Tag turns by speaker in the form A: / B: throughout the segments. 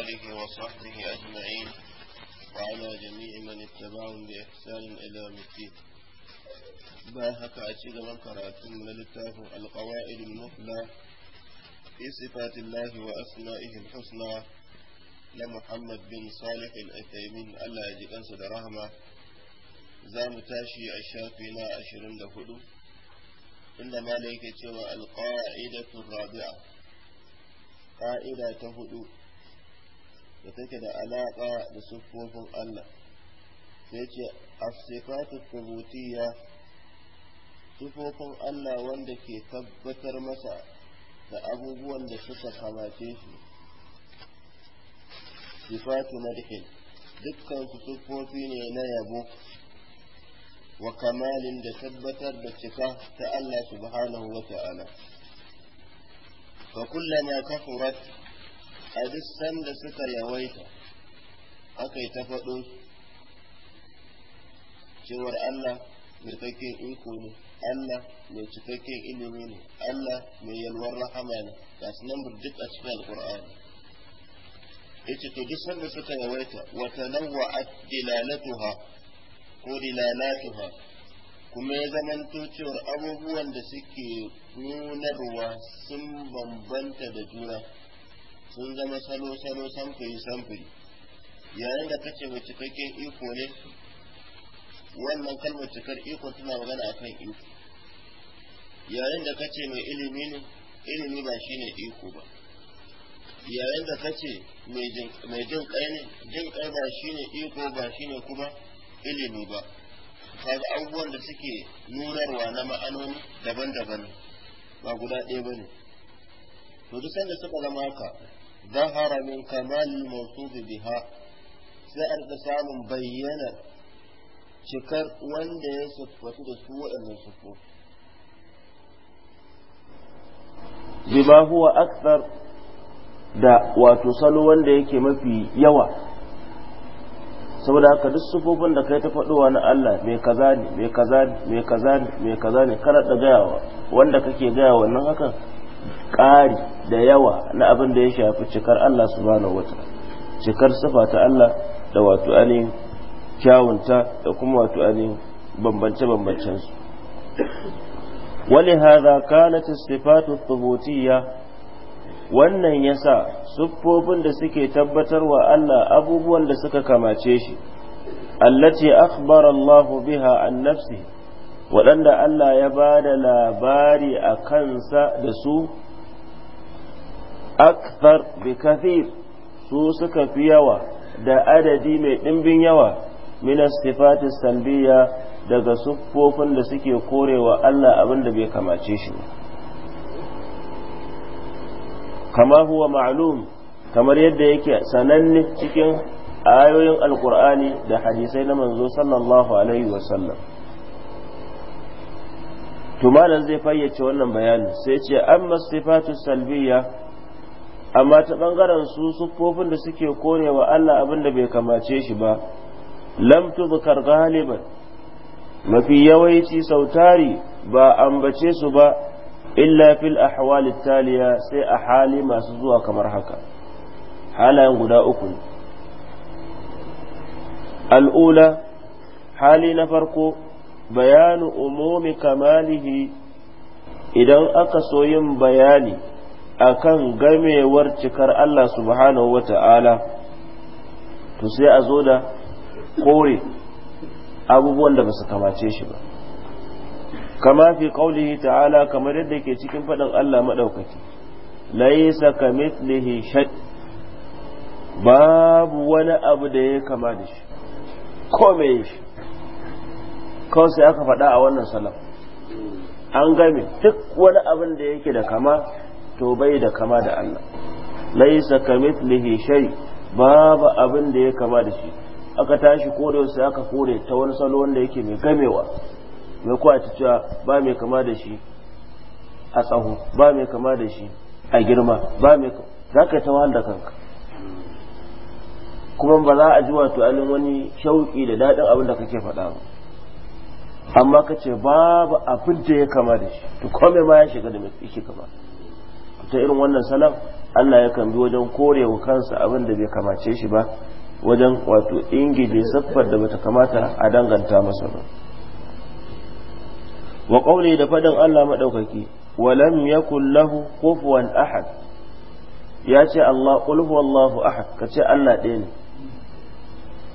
A: آله وصحبه أجمعين وعلى جميع من اتبعهم بإحسان إلى ba haka a cigaban gaban karatun na littafin alƙawa'id al-mufla fi sifatillahi wa asma'ihi al-husna na Muhammad bin Salih al-Uthaymin Allah ya ji kansa da rahama za mu tashi a shafi na 24 inda yake cewa ƙa'ida ta hudu da take da alaƙa da siffofin Allah sai ce as thubutiyya sifofin Allah wanda ke tabbatar masa da abubuwan da suka kamace shi sifatu na dukkan sifofi siffofi ne na yabo wa kamalin da tabbatar da cika ta Allah subhanahu wa ta'ala fa kullama kafurat a duk sanda suka yawaita aka yi ta faɗo cewar Allah mirkakken iko ne Allah mai cikakken ilimi ne Allah mai yalwar rahama ne ga su nan duk a cikin alƙur'ani Ita to duk sanda suka yawaita wata nawa a dilalatuha ko dilalatuha kuma ya zamanto cewar abubuwan da suke nunarwa sun bambanta da juna sun zama salo-salo samfuri-samfuri yayin da kace mai cikakken iko ne wannan kalmar cikar iko tana magana a kan iko yayin da kace mai ilimi ne ilimi ba shi ne iko ba yayin da kace mai jin kai ne jin kai ba shi ne iko ba shi ne kuma ilimi ba kaga abubuwan da suke nunarwa na ma'anoni daban-daban ba guda ɗaya ba ne to duk sanda suka zama haka zahara min kamal mawsuf biha sai an da samun bayyana cikar wanda ya sufatu da su wa'annan sufu bima huwa akthar
B: da wato salo wanda yake mafi yawa saboda haka duk sufofin da kai ta faɗowa na Allah mai kaza ne mai kaza ne mai kaza ne mai kaza ne kana da gayawa wanda kake gayawa nan hakan ƙari da yawa na abin da ya shafi cikar Allah su subhanahu wata cikar sufa ta Allah da wato ainihin kyawunta da kuma wato ainihin bambance-bambancensu ولهذا كانت Sifatu الثبوتية wannan ya sa siffofin da suke tabbatar wa Allah abubuwan da suka kamace shi allati akhbara Allah biha an nafsi waɗanda Allah ya ba da labari a kansa da su akthar bi kathir su suka fi yawa da adadi mai ɗimbin yawa min sifati daga siffofin da suke korewa Allah abin da bai kamace shi kama huwa ma'lum kamar yadda yake sananne cikin ayoyin alkur'ani da hadisai na manzo sallallahu alaihi wa wasallam tumalan zai fayyace wannan bayanin sai ce amma sifatu salbiya amma ta ɓangaren su siffofin da suke wa Allah abin da bai kamace shi ba lam tuzkar galiban mafi yawanci tari ba ambace su ba illa fil ahwalit taliya sai a hali masu zuwa kamar haka halayen guda uku al'ula hali na farko bayanu umumi kamalihi idan aka so yin bayani akan gamewar cikar Allah subhanahu wata'ala to sai a zo da kore abubuwan da ba su kamace shi ba kama fi qaulihi ta'ala kamar yadda ke cikin faɗin Allah maɗaukaki laisa kamithlihi shay babu wani abu da ya kama da shi kome shi kawai sai aka faɗa a wannan salam an gami duk wani abin da yake da kama to bai da kama da Allah laisa kamithlihi shay babu abin da ya kama da shi aka tashi kore sai aka kore ta wani salo wanda yake mai gamewa mai kuwa ta cewa ba mai kama da shi a tsaho ba mai kama da shi a girma ba mai za ka ta wahal da kanka kuma ba za a ji wato alin wani shauƙi da daɗin abin da kake faɗa ba amma ka ce babu abin da ya kama da shi to kome ma ya shiga da mai kama ta irin wannan salon Allah yakan bi wajen kore wa kansa abin da bai kamace shi ba wajen wato ingije saffar da bata kamata a danganta masa ba wa da fadin Allah maɗaukaki wa lam yakul lahu kufuwan ahad ya ce Allah qul huwallahu ahad kace Allah ɗaya ne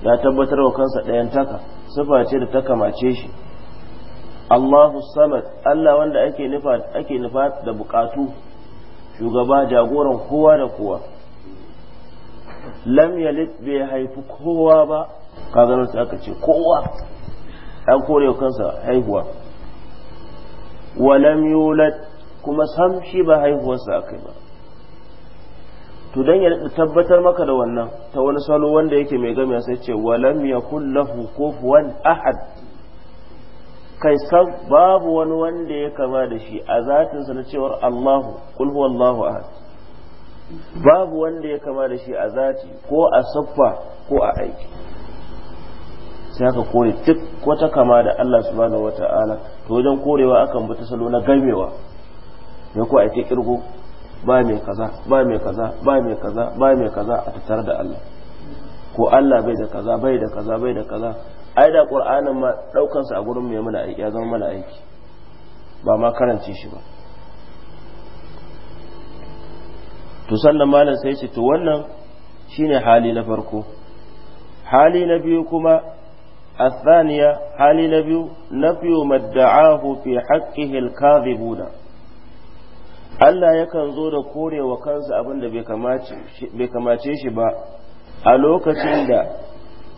B: ya tabbatar wa kansa ɗayan taka sifa ce da ta kamace shi Allahu samad Allah wanda ake nufa ake nufa da bukatu shugaba jagoran kowa da kowa lam yalid bai haifi kowa ba kaga nan sai aka ce kowa an kore kansa haihuwa wa lam yulad kuma sam shi ba haihuwarsa kai ba to dan ya tabbatar maka da wannan ta wani salo wanda yake mai gami sai ce wa lam yakul lahu kufuwan ahad kai sab babu wani wanda ya kama da shi a zatinsa na cewar Allahu qul huwallahu ahad babu wanda ya kama da shi a zati ko a siffa ko a aiki sai aka kore duk wata kama da Allah subhanahu wata'ala to wajen korewa akan bi ta salo na gamewa ne ko a kirgo ba mai kaza ba mai kaza ba mai kaza ba mai kaza a tattare da Allah ko Allah bai da kaza bai da kaza bai da kaza ai da qur'anin ma daukansa a gurin mai mana aiki ya zama mana aiki ba ma karance shi ba to sannan malam sai ce to wannan shine hali na farko hali na biyu kuma na حال na biyu ما ادعاه في حقه الكاذبون Allah yakan zo da korewa wa kansa abin da bai kamace shi ba a lokacin da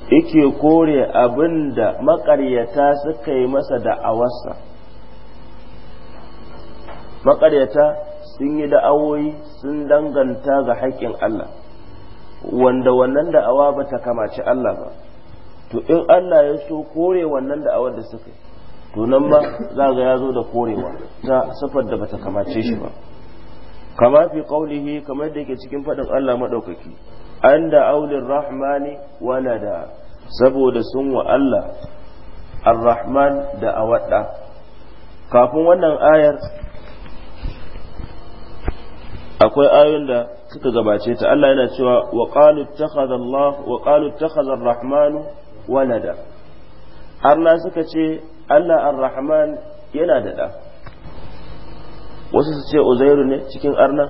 B: yake kore abin da maƙaryata suka yi masa da'awarsa maƙaryata sun yi da'awoyi sun danganta ga haƙƙin Allah wanda wannan da'awa ba ta kamaci Allah ba to in Allah ya so kore wannan da'awar da suka yi to nan ba za ga ya zo da korewa ta safar da ta kamace shi ba kama fi qaulihi kamar da yake cikin faɗin Allah maɗaukaki an da aulin rahmani da saboda sun wa Allah ar-rahman da awadda kafin wannan ayar akwai ayoyin da suka gabace ta Allah yana cewa wa qalu ittakhadha Allah wa qalu ittakhadha ar-rahman walada Allah suka ce Allah ar-rahman yana da da wasu su ce uzairu ne cikin arna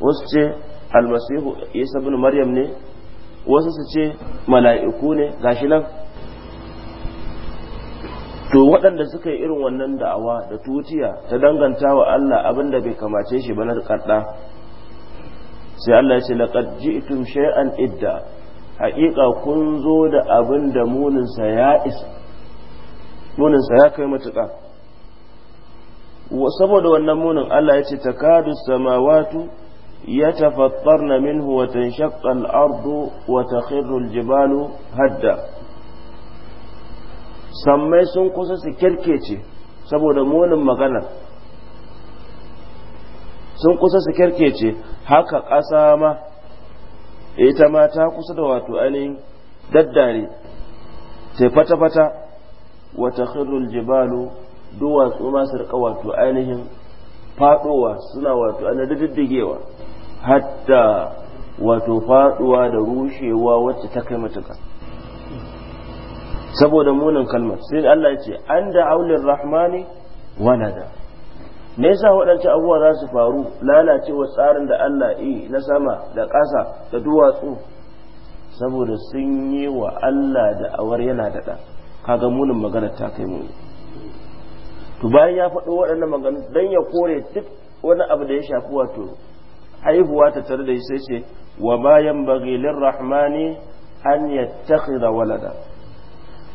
B: wasu ce almasihu isa ibn maryam ne wasu su ce mala'iku ne gashi nan to waɗanda suka yi irin wannan da'awa da tutiya ta danganta wa Allah abin da bai kamace shi ba na karɗa sai Allah ya ce laqad ji'tum shay'an idda haƙiƙa kun zo da abin da muninsa ya isa muninsa ya kai matuƙa saboda wannan munin Allah ya ce takadu samawatu يتفطرن منه وتنشق الأرض وتخر الجبال هدا sammai sun kusa su kirkece saboda munin magana sun kusa su kirkece haka ƙasa ma ita ma ta kusa da wato ainihin daddare ta fata-fata wata khirul jibalu duwatsu ma su rika wato ainihin fadowa suna wato ainihin diddigewa hatta wato faduwa da rushewa wacce ta kai matuka saboda munin kalmar sai Allah ya ce an da aulin rahmani wana da nesa waɗancan abubuwa za su faru lalacewa tsarin da Allah yi na sama da ƙasa da duwatsu saboda sun yi wa Allah da awar yana da ɗa kaga munin magana ta kai muni to bayan ya faɗo waɗannan maganganu don ya kore duk wani abu da ya shafi wato haihuwa ta tare da shi sai ce wa bayan bagilin rahmani an yattakhidha walada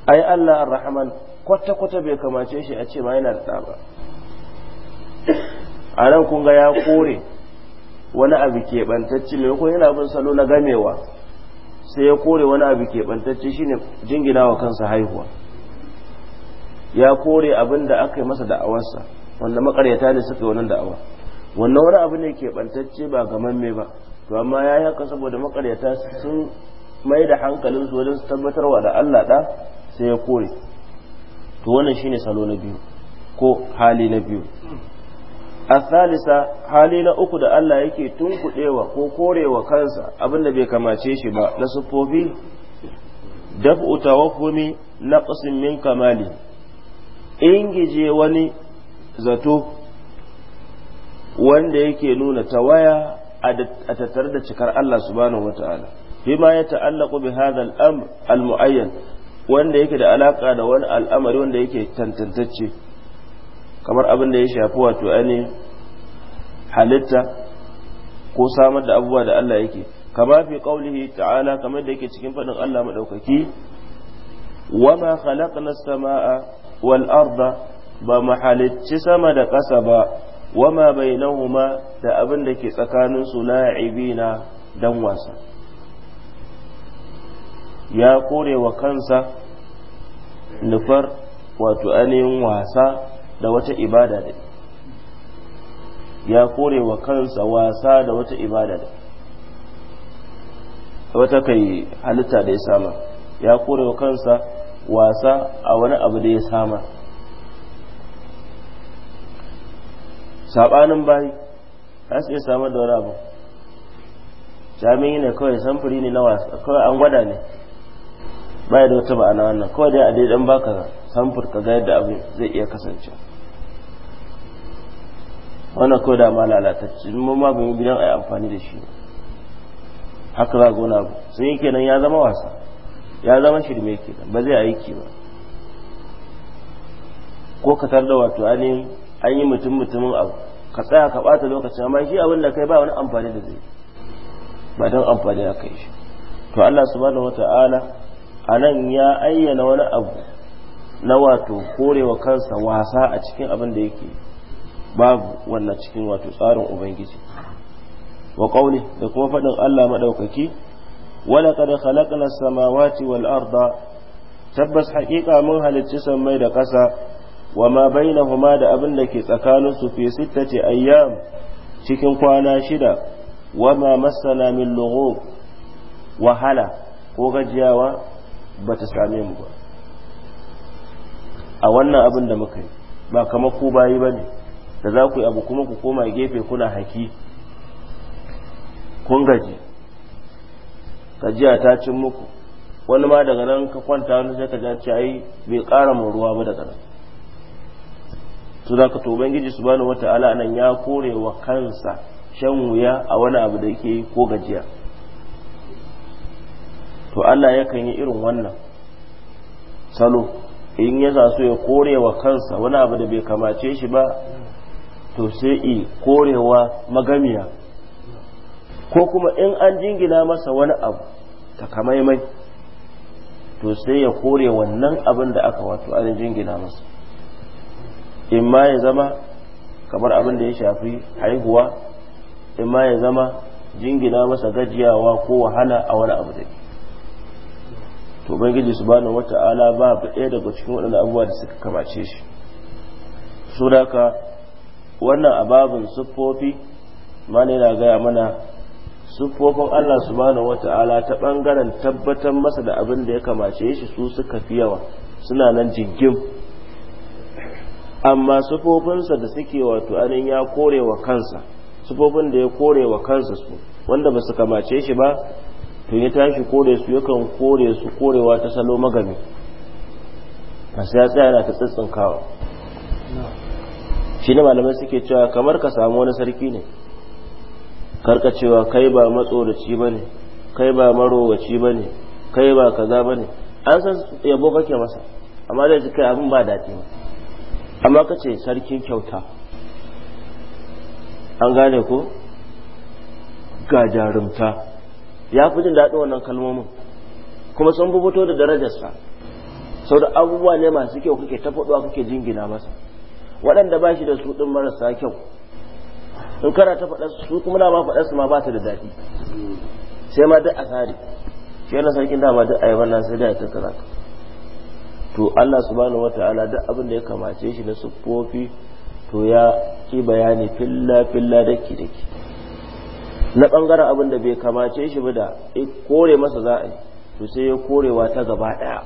B: ai Allah ar-rahman kwata kwata bai kamace shi a ce ma yana da tsaba. a nan kun ya kore wani abu mai kuma yana bin salo na gamewa sai ya kore wani abu keɓantacce shine jingina wa kansa haihuwa ya kore abin da aka masa da'awarsa wanda makaryata ne suka yi wannan da'awa wannan wani abu ne ke bantacce ba mamme ba to amma ya yi haka saboda makaryata sun mai da hankalin su wajen su tabbatarwa da Allah da sai ya kore to wannan shine salo na biyu ko hali na biyu a salisa hali na uku da Allah yake tunkuɗewa ko korewa kansa abinda bai kamace shi ba na siffofi daf'u tawakkumi naqsin min kamali ingije wani zato wanda yake nuna tawaya a tattare da cikar Allah subhanahu wata'ala bima ya ta'allaqu bi hadha al-amr al-mu'ayyan wanda yake da alaka da wani al'amari wanda yake tantantacce kamar abin da ya shafi wato ani halitta ko samar da abubuwa da Allah yake kama fi qaulihi ta'ala kamar da yake cikin fadin Allah madaukaki wama khalaqna as-samaa wal arda ba mahalicci sama da ƙasa ba wama bainahuma da abin da ke tsakaninsu la'ibina dan wasa ya kore wa kansa nufar wato ainihin wasa da wata ibada da ya kore wa kansa wasa da wata ibada da wata kai halitta da ya sama ya kore wa kansa wasa a wani abu da ya sama sabanin bayi za su iya samar da wani abu jami'i ne kawai samfuri ne na wasa kawai an gwada ne Ba da wata ma'ana wannan kawai dai a dai dan baka samfur ka ga yadda abu zai iya kasance wannan kawai da mala lalatacce mun ma bin gidan ai amfani da shi haka za gona abu sun yi kenan ya zama wasa ya zama shirme kenan ba zai aiki ba ko ka tarda wato an yi mutum mutumin abu ka tsaya ka bata lokaci amma shi abin da kai ba wani amfani da zai ba don amfani a kai shi to Allah subhanahu wata'ala a nan ya ayyana wani abu na wato korewa kansa wasa a cikin abin da yake babu wannan cikin wato tsarin ubangiji wa da kuma faɗin Allah madaukaki wala qad khalaqna samawati wal arda tabbas haƙiƙa mun halicci sammai da ƙasa wa ma huma da abin da ke tsakaninsu fi sittati ayyam cikin kwana shida wa ma masana min lughub wahala ko gajiyawa ba ta same mu ba a wannan abin da muka yi ba kamar ku bayi bane da za ku yi abu kuma ku koma gefe kuna haki kun gaji gajiya ta cin muku wani ma daga nan ka kwanta wani sai ka ji ai bai ƙara mu ruwa ba daga nan su da ka to ubangiji subhanahu wata'ala nan ya kore wa kansa shan wuya a wani abu da yake yi ko gajiya to Allah yakan yi irin wannan salo in ya so ya kore wa kansa wani abu da bai kamace shi ba to sai i korewa magamiya ko kuma in an jingina masa wani abu kamaimai to sai ya kore wannan abin da aka wato an jingina masa in ma ya zama kamar abin da ya shafi haihuwa in ma ya zama jingina masa gajiyawa ko wahala a wani abu da to bangiji su bani wata'ala ba ba ɗaya daga cikin waɗannan abubuwa da suka kamace shi su daga wannan ababin siffofi ma na gaya mana siffofin Allah su bani wata'ala ta ɓangaren tabbatar masa da abin da ya kamace shi su suka fi yawa suna nan jingim amma sufofinsa da suke wato anin ya kore wa kansa sufofin da ya kore wa kansa su wanda ba su kamace shi ba to ya tashi kore su yakan kore su korewa ta salo magani a ya tsaya na ta shi ne malamai suke cewa kamar ka samu wani sarki ne karka cewa kai ba matsoraci ba ne kai ba ci ba ne kai ba kaza ba ne an san yabo kake masa amma zai ji kai abin ba daɗi ba amma ka ce sarkin kyauta an gane ko ga jarumta ya fi jin daɗin wannan kalmomin kuma sun fi fito da darajarsa sau da abubuwa ne masu kyau kake ta faɗuwa kake jingina masa waɗanda ba shi da su ɗin marasa kyau in kana ta faɗa su kuma na ma faɗa su ma ba ta da daɗi sai ma duk a tsari shi yana sarkin dama duk a yi wannan sai da ya tattara ka to Allah subhanahu wata'ala duk abin da ya kamace shi na siffofi to ya ki bayani filla filla daki daki na bangaren abin da bai kamace shi ba da kore masa za a yi to sai ya korewa ta gaba daya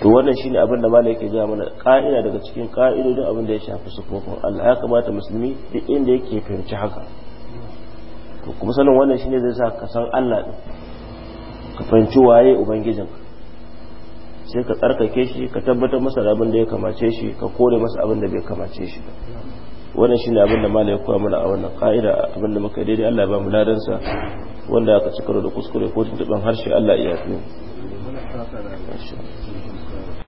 B: to wannan shine abin da malai yake gaya mana ka'ida daga cikin ka'idodin abin da ya shafi sufofin Allah ya kamata musulmi duk inda yake fahimci haka to kuma sanin wannan shine zai sa ka san Allah din ka fahimci waye ubangijin sai ka tsarkake shi ka tabbatar masa da abin da ya kamace shi ka kore masa abin da bai kamace shi wannan shine abin da malai ya koya mana a wannan ka'ida abin da muka daidai Allah ya ba mu ladan sa wanda aka cika da kuskure ko tuntuban harshe Allah ya yafe